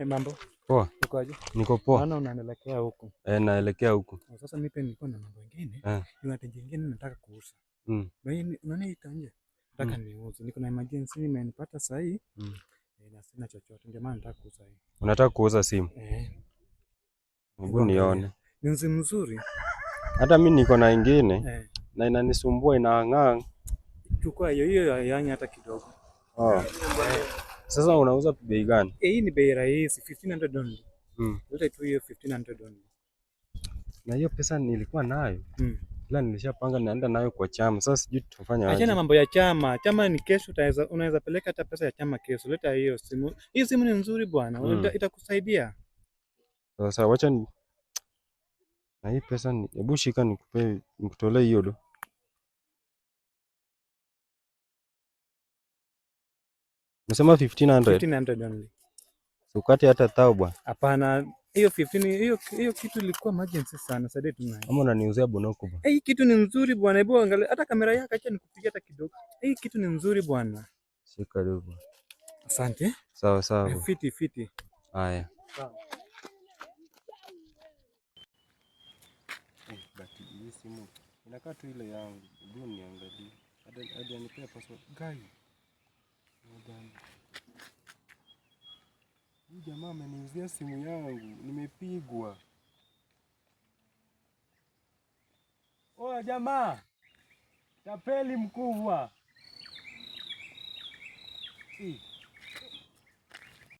Hey, mambo. Poa. aje? Niko poa. Naona unaelekea huko. Eh, naelekea huku. Sasa mimi pia niko na mambo mengine. Eh. Kuna tendo jingine nataka kuuza. Mm. Na Bali unaniita nje. Nataka mm. niuze. Niko na emergency imenipata sasa hii. Mm. Eh, Na sina chochote ndio maana nataka kuuza hii. Unataka kuuza simu? Eh. Hebu nione. Ni nzuri nzuri. Hata mimi niko na ingine. Eh. Na inanisumbua inaang'aa. Chukua hiyo hiyo, yaani hata kidogo. Oh. Eh. Sasa unauza bei gani? Eh, hii ni bei rahisi 1500 only. Mm. Leta tu hiyo 1500 only. Na hiyo pesa nilikuwa nayo. Mm. Ila nilishapanga naenda nayo kwa chama. Sasa sijui tufanye aje. Achana mambo ya chama. Chama ni kesho, utaweza unaweza peleka hata pesa ya chama kesho. Leta hiyo simu. Hii simu ni nzuri bwana. Mm. Itakusaidia. Sasa wacha ni na hii pesa ni hebu shika nikupe nikutolee hiyo do. Nasema 1500. 1500 only. Ukati hata tao bwana. Hapana, hiyo 15 hiyo hiyo kitu ilikuwa emergency sana. Sasa tunayo. Kama unaniuzia bonoko bwana. Hii kitu ni nzuri bwana. Hebu angalia hata kamera yako, acha nikupigie hata kidogo. Hii kitu ni nzuri bwana. Si karibu. Asante. Sawa sawa. Eh, fiti fiti. Haya. Sawa. Eh, simu inakaa tu ile yangu, niangalie hadi anipea password. Guy jamaa ameniuzia simu yangu, nimepigwa. Oya jamaa, tapeli mkubwa I.